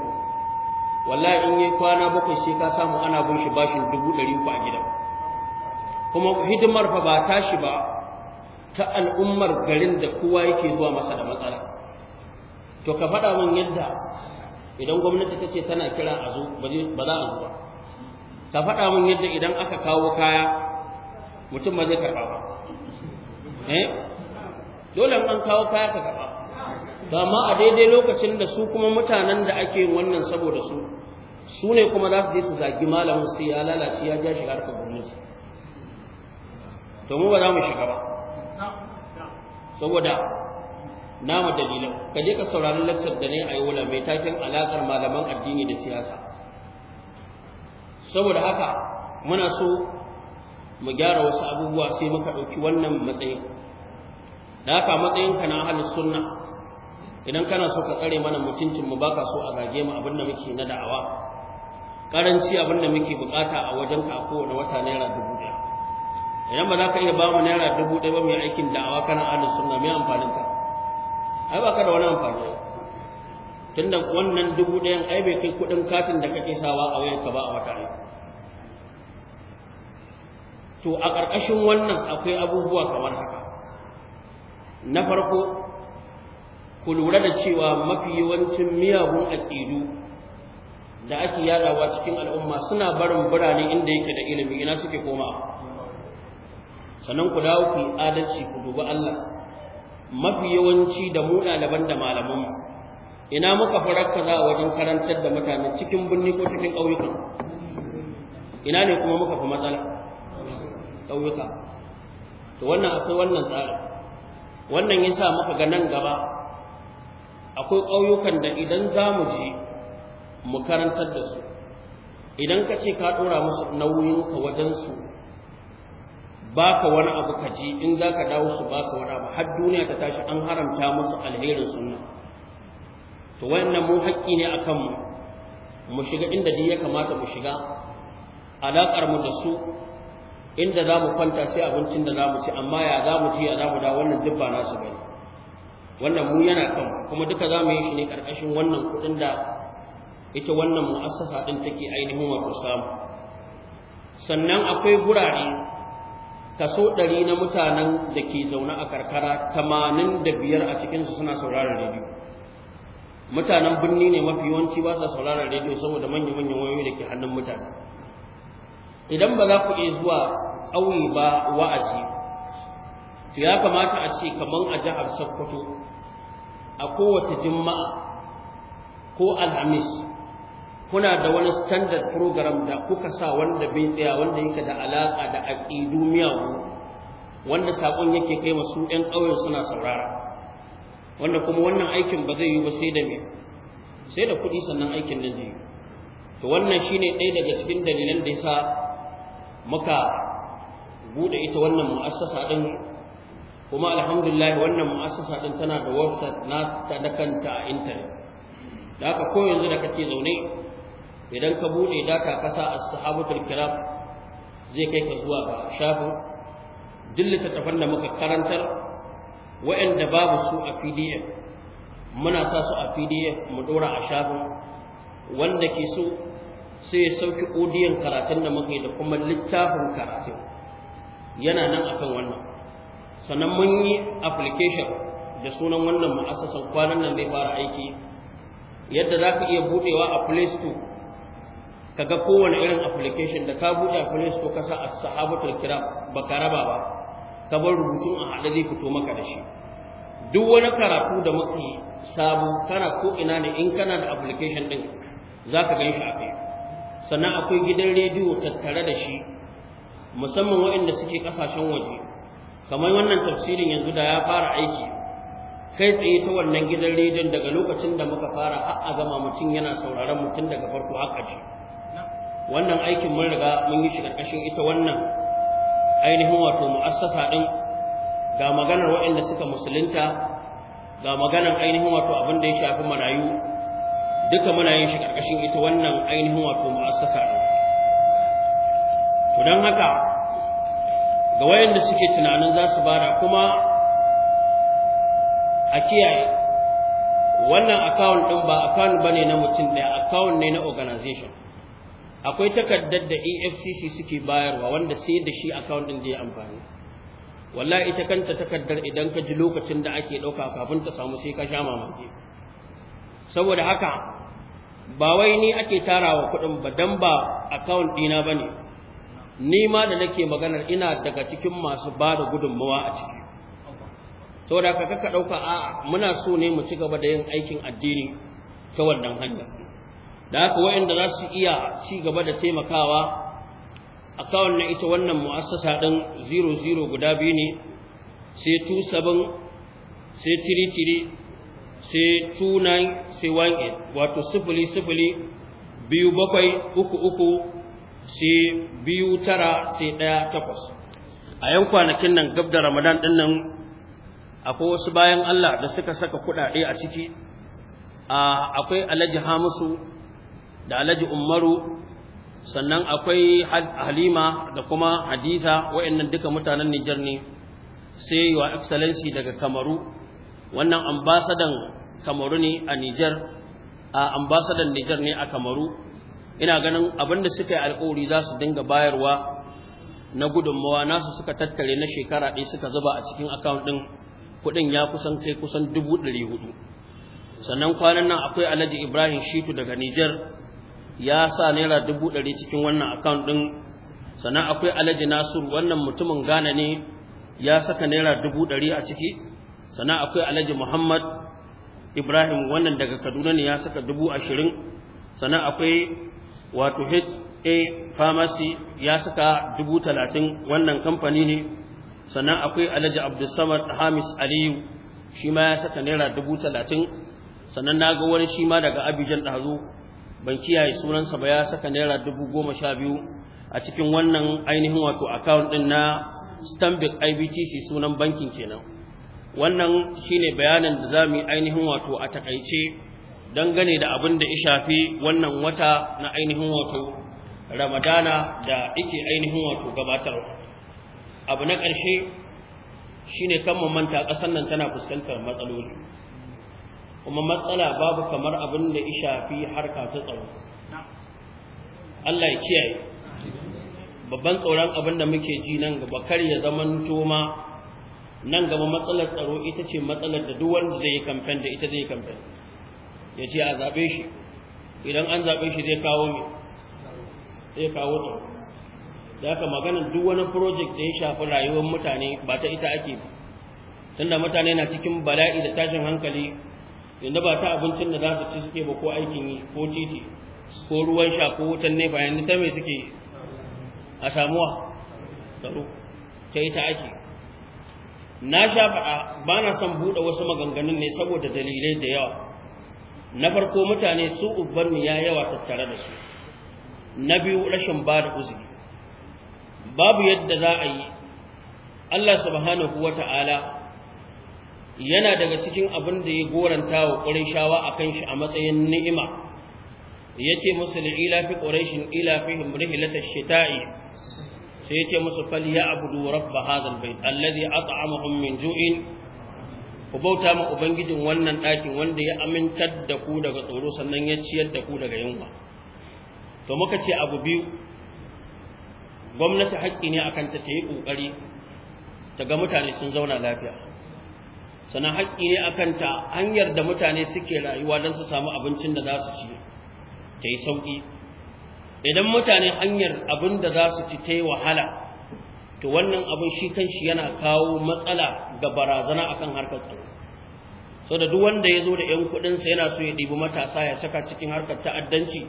wallahi in yi kwana bakwai sai ka samu ana bin shi bashin dubu ɗari uku a gidan kuma hidimar fa ba tashi ba ta al'ummar garin da kowa yake zuwa masa da matsala to ka faɗa min yadda idan gwamnati ta ce tana kira a zo ba za a zo ba ka faɗa min yadda idan aka kawo kaya mutum ba zai karɓa ba eh dole an kawo kaya ka karɓa ma a daidai lokacin da su kuma mutanen da ake wannan saboda su su ne kuma za su je su zagi malamin su ya lalace ya ja shi harkar gwamnati to mu ba za mu shiga ba saboda namu dalilan ka je ka saurari lafsar da ne a yi wula mai taken alaƙar malaman addini da siyasa saboda haka muna so mu gyara wasu abubuwa sai muka ɗauki wannan matsayin da haka matsayinka na ahalus sunna idan kana so ka kare mana mutuncin mu baka so a gage mu abinda muke na da'awa karanci abinda muke bukata a wajen ka kowane wata naira dubu ɗaya idan ba za ka iya ba mu naira dubu ɗaya ba mai aikin da'awa kana ahlus sunna mai amfanin ka ai baka da wani amfani tunda wannan dubu dayan ai bai kai kuɗin katin da kake sawa a wayar ka ba a wata aiki to a ƙarƙashin wannan akwai abubuwa kamar haka na farko ku lura da cewa mafi yawancin miyagun aƙidu da ake yadawa cikin al'umma suna barin birane inda yake da ilimi ina suke koma sannan ku dawo ku yi adalci ku dubi Allah mafi yawanci da mu ɗaliban da malaman ina muka farar kaza a wajen karantar da mutane cikin birni ko cikin ƙauyuka ina ne kuma muka fi matsala ƙauyuka to wannan akwai wannan tsari wannan yasa muka ga nan gaba akwai ƙauyukan da idan za mu ji mu karantar da su idan ka ce ka ɗora musu nauyinka wajensu ba ka wani abu ka ji in za ka dawo su ba ka wani abu har duniya ta tashi an haramta musu alherin sunna to wannan mu haƙƙi ne a kanmu mu shiga inda dai ya kamata mu shiga alaƙar mu da su inda za mu kwanta sai abincin da za mu ci amma ya za mu ci ya za mu da wannan duk ba nasu bane wannan mu yana kan kuma duka za mu yi shi ne ƙarƙashin wannan kuɗin da ita wannan mu'assasa ɗin take ainihin wato samu sannan akwai gurare kaso ɗari na mutanen da ke zaune a karkara tamanin da biyar a cikinsu suna sauraron rediyo mutanen birni ne mafi yawanci ba sa sauraron rediyo saboda manya-manyan wayoyi da ke hannun mutane idan ba za ku iya zuwa ƙauye ba wa'azi ya kamata a ce kaman a jihar Sokoto a kowace juma'a ko alhamis kuna da wani standard program da kuka sa wanda bai tsaya wanda yake da alaka da aƙidu miyagu wanda saƙon yake kai masu ɗan ƙauyen suna saurara wanda kuma wannan aikin ba zai yi ba sai da mai sai da kuɗi sannan aikin nan zai yi to wannan shine ɗaya daga cikin dalilan da ya sa muka buɗe ita wannan mu'assasa ɗin kuma alhamdulillah wannan mu'assasa din tana da website na ta da kanta a internet da ka ko yanzu da kake zaune idan ka bude data kasa as kiram zai kai ka zuwa ga shafin dillata tafan da muka karantar waɗanda babu su a PDF muna sa su a PDF mu dora a shafin wanda ke so sai ya sauki odiyon karatun da muke da kuma littafin karatun yana nan akan wannan sannan mun yi application da sunan wannan mu'assasan kwanan nan zai fara aiki yadda za ka iya buɗewa a play store ka ga kowane irin application da ka buɗe a play store ka sa a sahabatul kira ba ka raba ba ka bar rubutun a haɗe zai fito maka da shi duk wani karatu da muka yi sabo kana ko ina ne in kana da application ɗin za ka gan shi a kai sannan akwai gidan rediyo tattare da shi musamman waɗanda suke ƙasashen waje kamar wannan tafsirin yanzu da ya fara aiki kai tsaye ta wannan gidan rediyon daga lokacin da muka fara a gama mutum yana sauraron mutum daga farko har ƙarshe wannan aikin mun riga mun yi shi ƙarƙashin ita wannan ainihin wato mu'assasa ɗin ga maganar waɗanda suka musulunta ga maganar ainihin wato abin da ya shafi marayu duka muna yin shi ƙarƙashin ita wannan ainihin wato mu'assasa ɗin to don haka ga wayanda suke tunanin za su bara kuma a kiyaye wannan akawun ɗin ba akawun ba na mutum ɗaya akawun ne na organization akwai takardar da efcc suke bayarwa wanda sai da shi akawun ɗin da ya amfani wallahi ita kanta takardar idan ka ji lokacin da ake ɗauka kafin ta samu sai ka sha mamaki saboda haka ba wai ni ake tarawa kuɗin ba dan ba akawun ɗina ba ni ma da nake maganar ina daga cikin masu ba da gudunmawa a ciki To da ka kaka ɗauka a muna so ne mu ci gaba da yin aikin addini ta wannan hanya da haka wa'inda za su iya ci gaba da taimakawa a kawon na ita wannan mu'assasa ɗin 00 guda biyu ne sai 27 sai 33 sai 29 sai 18 wato sifili-sifili biyu bakwai uku uku sai biyu tara sai ɗaya takwas a yan kwanakin nan gab da ramadan ɗin nan akwai wasu bayan allah da suka saka kuɗaɗe a ciki akwai alhaji hamisu da alhaji umaru sannan akwai halima da kuma hadisa wa'annan duka mutanen nijar ne sai wa excellency daga kamaru wannan ambasadan kamaru ne a nijar a ambasadan nijar ne a kamaru ina ganin abinda suka yi alkawari za su dinga bayarwa na gudunmawa nasu suka tattare na shekara ɗaya suka zuba a cikin akawun ɗin kuɗin ya kusan kai kusan dubu ɗari hudu sannan kwanan nan akwai alhaji ibrahim shitu daga niger ya sa naira dubu ɗari cikin wannan akawun ɗin sannan akwai alhaji nasur wannan mutumin ghana ne ya saka naira dubu ɗari a ciki sannan akwai alhaji muhammad ibrahim wannan daga kaduna ne ya saka dubu ashirin sannan akwai wato HA Pharmacy ya saka dubu talatin wannan kamfani ne sannan akwai Alhaji Abdulsamad Hamis Aliyu shi ma ya saka naira dubu talatin sannan na ga wani shi ma daga Abidjan ɗazu ban kiyaye sunansa ba ya saka naira dubu goma sha biyu a cikin wannan ainihin wato akawun ɗin na Stanbic IBTC sunan bankin kenan wannan shine bayanin da za mu yi ainihin wato a takaice dangane da abin da ya shafi wannan wata na ainihin wato ramadana da ike ainihin wato gabatar abu na ƙarshe shine kan manta ƙasar nan tana fuskantar matsaloli kuma matsala babu kamar abin da ya shafi harka ta tsaro Allah ya kiyaye babban tsoron abin da muke ji nan gaba kar ya zaman toma nan gaba matsalar tsaro ita ce matsalar da duk wanda zai yi kamfen da ita zai yi kamfen ya ce a zaɓe shi idan an zaɓe shi zai kawo mai zai kawo tsaro da aka maganar duk wani project da ya shafi rayuwar mutane ba ta ita ake ba tunda mutane na cikin bala'i da tashin hankali yanda ba ta abincin da za su ci suke ba ko aikin yi ko titi ko ruwan sha ko wutan ne bayan ta mai suke a samuwa tsaro ta ita ake na sha ba na son buɗe wasu maganganun ne saboda dalilai da yawa na farko mutane su ubban ya yawa tattare da su na biyu rashin ba da uzuri babu yadda za a yi Allah subhanahu wata'ala yana daga cikin abin da ya goranta wa ƙurashawa a kan shi a matsayin ni'ima ya ce musu li'ila fi ƙurashin ila fi himrihilatar shita'i sai ya ce musu fal ya abu rabba hazal bai allazi at'amahum min ju'in ku bauta ma ubangijin wannan ɗakin wanda ya amintar da ku daga tsoro sannan ya ciyar da ku daga yunwa to muka ce abu biyu gwamnati haƙƙi ne akan ta ta yi ƙoƙari ta ga mutane sun zauna lafiya sannan haƙƙi ne akan ta hanyar da mutane suke rayuwa don su samu abincin da za su ci ta yi sauƙi idan mutane hanyar abin da za su ci ta yi wahala to wannan abin shi kan shi yana kawo matsala ga barazana akan harkar tsaro so da duk wanda ya zo da 'yan kuɗinsa yana so ya ɗibi matasa ya saka cikin harkar ta'addanci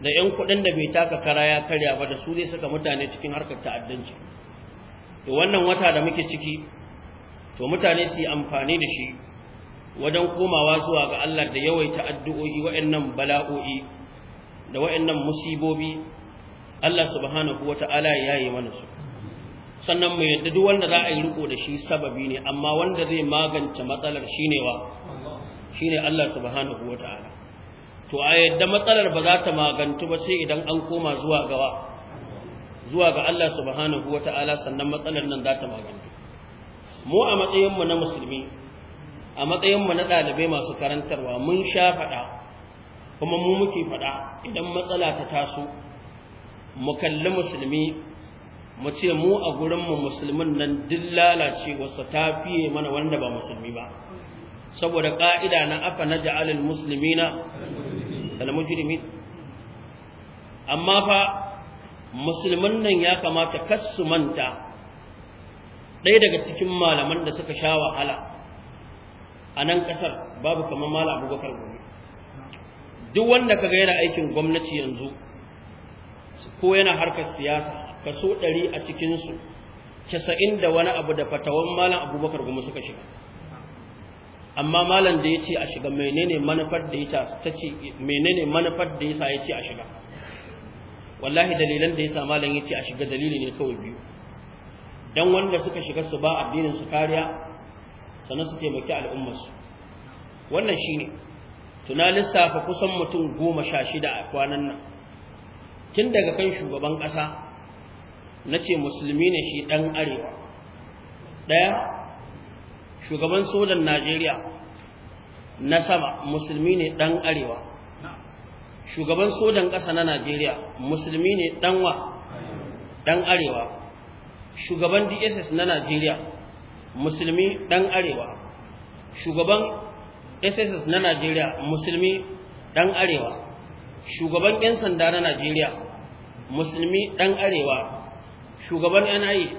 da 'yan kuɗin da bai taka kara ya karya ba da su zai saka mutane cikin harkar ta'addanci to wannan wata da muke ciki to mutane su yi amfani da shi wajen komawa zuwa ga Allah da yawaita addu'o'i wa'annan bala'o'i da wa'annan musibobi Allah subhanahu wata'ala ya yi mana su sannan mai yadda duk wanda za a yi riko da shi sababi ne amma wanda zai magance matsalar shine wa shine Allah subhanahu wataala to a yadda matsalar ba za ta magantu ba sai idan an koma zuwa gawa zuwa ga Allah subhanahu wataala sannan matsalar nan za ta magantu mu a matsayin mu na musulmi a matsayin mu na dalibai masu karantarwa mun sha fada kuma mu muke fada idan matsala ta taso mu kalli musulmi mu ce mu a gurinmu musulmin nan duk lalacewarsa ta fiye mana wanda ba musulmi ba saboda ƙa'ida na afa na ja'alin musulmi na kalmujirmi amma fa musulmin nan ya kamata su manta ɗaya daga cikin malaman da suka sha wahala a nan ƙasar babu kamar mala abubakar gobe duk wanda ka gaira aikin gwamnati yanzu ko yana harkar siyasa kaso ɗari a cikinsu casa'in da wani abu da fatawan malam abubakar goma suka shiga amma malam da ya ce a shiga menene manufar da ya ta ce menene manufar da ya sa ya ce a shiga wallahi dalilan da ya sa malam ya ce a shiga dalili ne kawai biyu dan wanda suka shiga su ba addinin su kariya sannan su taimaki al'ummarsu wannan shine tuna lissafa kusan mutum goma sha shida a kwanan nan tun daga kan shugaban ƙasa na ce musulmi ne shi ɗan arewa ɗaya shugaban sojan najeriya na sama musulmi ne ɗan arewa shugaban sojan ƙasa na najeriya musulmi ne ɗanwa ɗan arewa shugaban dss na najeriya musulmi ɗan arewa shugaban sss na najeriya musulmi ɗan arewa shugaban 'yan sanda na najeriya musulmi ɗan arewa shugaban NIA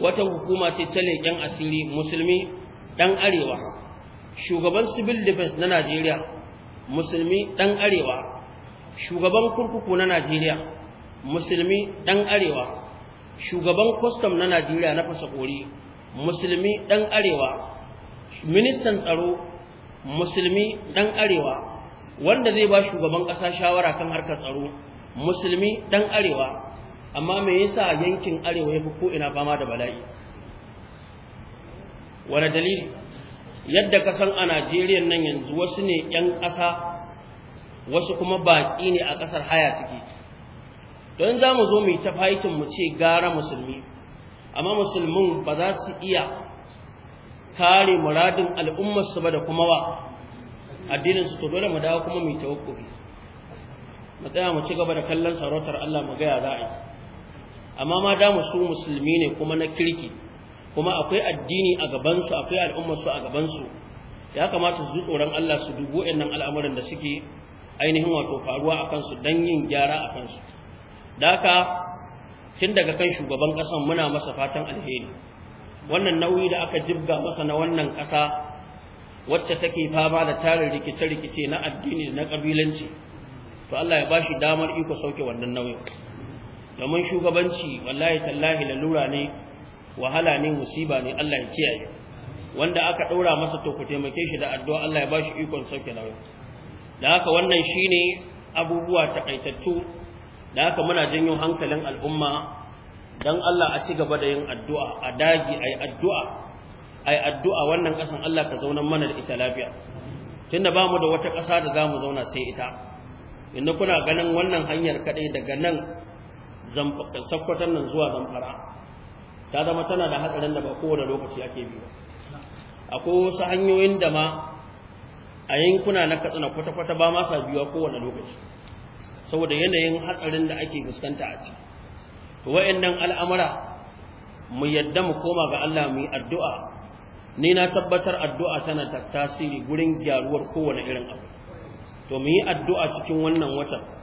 wata hukuma ce ta leƙen asiri musulmi ɗan arewa shugaban civil defense na Najeriya musulmi ɗan arewa shugaban kurkuku na Najeriya musulmi ɗan arewa shugaban custom na Najeriya na fasakori musulmi ɗan arewa ministan tsaro musulmi ɗan arewa wanda zai ba shugaban ƙasa shawara kan harkar tsaro musulmi ɗan arewa amma me yasa yankin arewa yafi ko ina fama da bala'i wani dalili yadda ka san a Najeriya nan yanzu wasu ne 'yan ƙasa wasu kuma baƙi ne a ƙasar haya suke don za mu zo mu yi ta fahitin mu ce gara musulmi amma musulmin ba za su iya kare muradin al'ummarsu ba da kuma wa addininsu to dole mu dawo kuma mu yi tawakkufi mu tsaya mu ci gaba da kallon sarautar Allah mu ga ya za a yi amma ma da su musulmi ne kuma na kirki kuma akwai addini a gabansu akwai al'ummarsu a gabansu ya kamata su ji tsoron Allah su dubu nan al'amuran da suke ainihin wato faruwa a kansu don yin gyara a kansu da haka tun daga kan shugaban kasan muna masa fatan alheri wannan nauyi da aka jibga masa na wannan ƙasa wacce take fama da tarin rikice-rikice na addini da na kabilanci to Allah ya bashi damar iko sauke wannan nauyin domin shugabanci wallahi tallahi lalura ne wahala ne musiba ne Allah ya kiyaye wanda aka ɗaura masa to ku taimake shi da addu'a Allah ya bashi ikon sauke nauyi da haka wannan shine abubuwa takaitattu da haka muna janyo hankalin al'umma dan Allah a ci gaba da yin addu'a a dagi ai addu'a ai addu'a wannan kasan Allah ka zauna mana da ita lafiya tunda bamu da wata kasa da zamu zauna sai ita inda kuna ganin wannan hanyar kadai daga nan sakkwatan nan zuwa zamfara ta zama tana da hatsarin da ba kowane lokaci ake biyu akwai wasu hanyoyin da ma a yankuna na katsina kwata-kwata ba masa biyuwa kowane lokaci saboda yanayin hatsarin da ake fuskanta a ci to nan al'amura mu yadda mu koma ga Allah mu yi addu'a ni na tabbatar addu'a tana ta tasiri gurin gyaruwar kowane irin abu to mu yi addu'a cikin wannan watan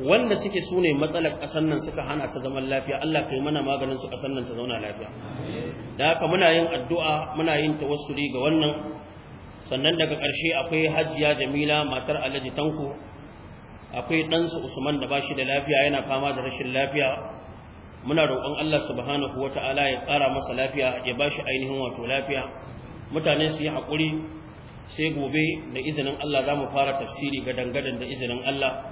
wanda suke su ne matsalar ƙasar nan suka hana ta zaman lafiya Allah kai mana maganin su ƙasar nan ta zauna lafiya da haka muna yin addu'a muna yin tawassuli ga wannan sannan daga ƙarshe akwai hajiya jamila matar alhaji tanko akwai ɗansu usman da ba shi da lafiya yana fama da rashin lafiya muna roƙon Allah subhanahu wata'ala ya ƙara masa lafiya ya ba shi ainihin wato lafiya mutane su yi haƙuri sai gobe da izinin Allah za mu fara tafsiri ga dangadan da izinin Allah